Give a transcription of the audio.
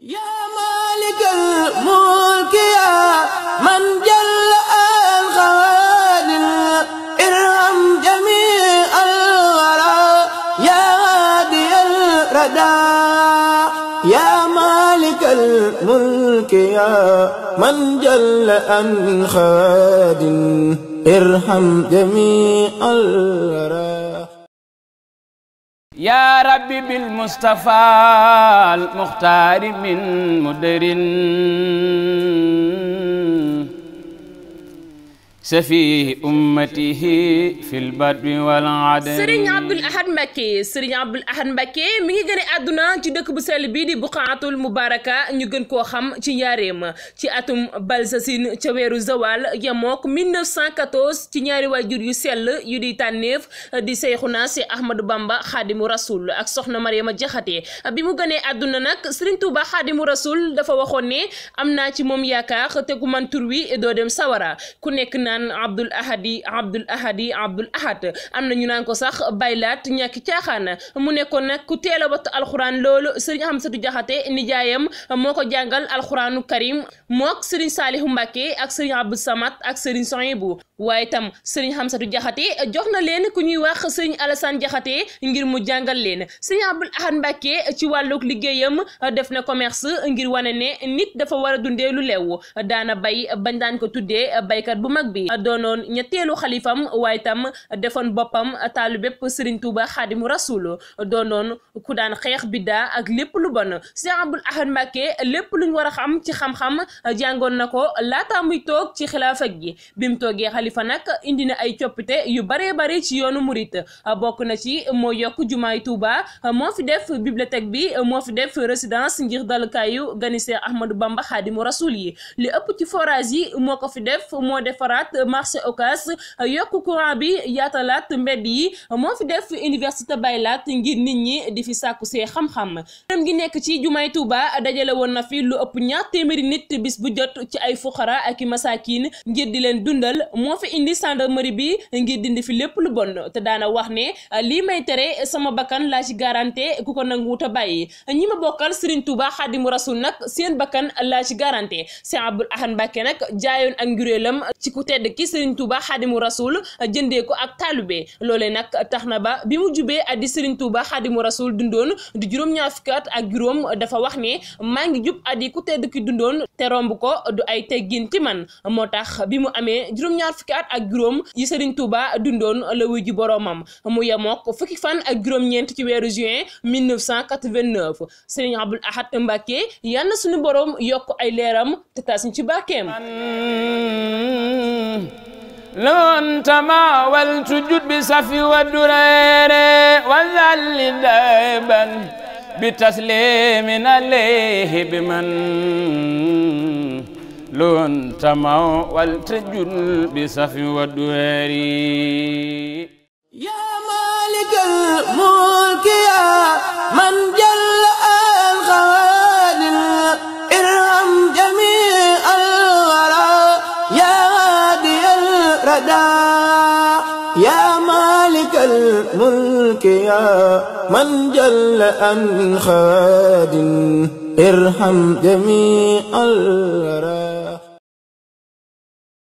yaa maalikal mulki yaa man jalla al xawaadim irham jamii al waraa yaa haadiyal radaa yaa maalikal mulki yaa man jalla al xawaadim irham jamii al waraa يا ربي بالمصطفى المختار من مدر safi ummatihi fil badwi wal Ahad Mbacké Serigne Abdoul Ahad Mbacké mi ngi gën àdduna ci dëkk bu sell bii di Buqaatul Mubaraka ñu gën koo xam ci njaareem ci atum Balsasin ca weeru Zawal yemook 1914 ci ñaari waajur yu sell yu di tànneef di Seyxuna si Ahmadou Bamba Xaadimu Rasul ak soxna Mariama Jaxate bi mu gënee àdduna nag Serigne Touba Xaadimu Rasul dafa waxoon ne am naa ci moom yaakaar te ku man tur wi doo dem sawara ku nekk na naan abdul am na ñu naan ko sax baylaat ñàkki caaxaan mu nekkoon nag ku teel a wat alxuraan loolu sëriñ Amsatu Jaxate nijaayam moo ko jàngal alxuraanu karim mook sëriñ Saalihu Mbàkke ak sëriñ Abdou Samad ak sëriñ Sohibu waaye tam sëriñ Amsatu Jaxate jox na leen ku ñuy wax sëriñ Alassane Jaxate ngir mu jàngal leen sëriñ Abdul Ahad Mbàkke ci wàllug liggéeyam def na commerce ngir wane ne nit dafa war dundee lu leew daana bay bañ daan ko tuddee baykat bi doonoon ñetteelu xalifam waaye tam defoon boppam taalu bépp Serigne Touba xaadimu rasul doonoon ku daan xeex biddaa ak lépp lu bon Cheikh Abdoul Ahad Mbacké lépp luñ war a xam ci xam-xam jàngoon na ko laata muy toog ci xilaafa yi bi mu toogee xalifa nag indi na ay coppite yu baree bare ci yoonu murit bokk na ci moo yokk jumaay Touba moo fi def bibliothèque bi moo fi def résidence ngir dalukaayu gani Cheikh Ahmadou Bamba xaadimu rasul yi li ëpp ci forage yeesalaat marché Ocass yokk courant bi yaatalaat mbedd yi moo fi def université baylaat ngir nit ñi di fi sàkku see xam-xam dem gi nekk ci jumaay Touba dajale woon na fi lu ëpp ñaar téeméeri nit bis bu jot ci ay fuqara ak i masaakin ngir di leen dundal moo fi indi gendarmerie bi ngir dindi fi lépp lu bon te daana wax ne lii may tere sama bakkan laa ci garanté ku ko nangu te bàyyi ñi ma bokkal Serigne Touba Xaadimu Rasul nag seen bakkan laa ci garanté Serigne Abdoul Ahad Mbacké nag jaayoon ak njuréelam ci ku tedd tedd ki Serigne Touba Xadimu Rasul euh, jëndee ko ak taalube loole nag tax na ba bi mu jubee addi Serigne Touba Xadimu Rasul dundoon di juróom-ñaar at ak juróom dafa wax ne maa ngi jub addi ku tedd ki dundoon te romb ko du ay teggin ci man moo tax bi mu amee juróom-ñaar fukki at ak juróom yi Serigne Touba dundoon la wuy ji boroomam mu yemook fukki fan ak juróom-ñeent ci weeru juin 1989 Serigne Abdoul Ahad Mbacké yal na suñu boroom yokk ay leeram te taas ñu ci barkeem لو أنت ما والتجد بسفي والدرير وذل دائما بتسليم عليه بمن لو أنت ما والتجد بسفي والدرير يا مالك الملك يا من جاء ردا يا مالك الملك يا من جل عن خاد ارحم جميع الورى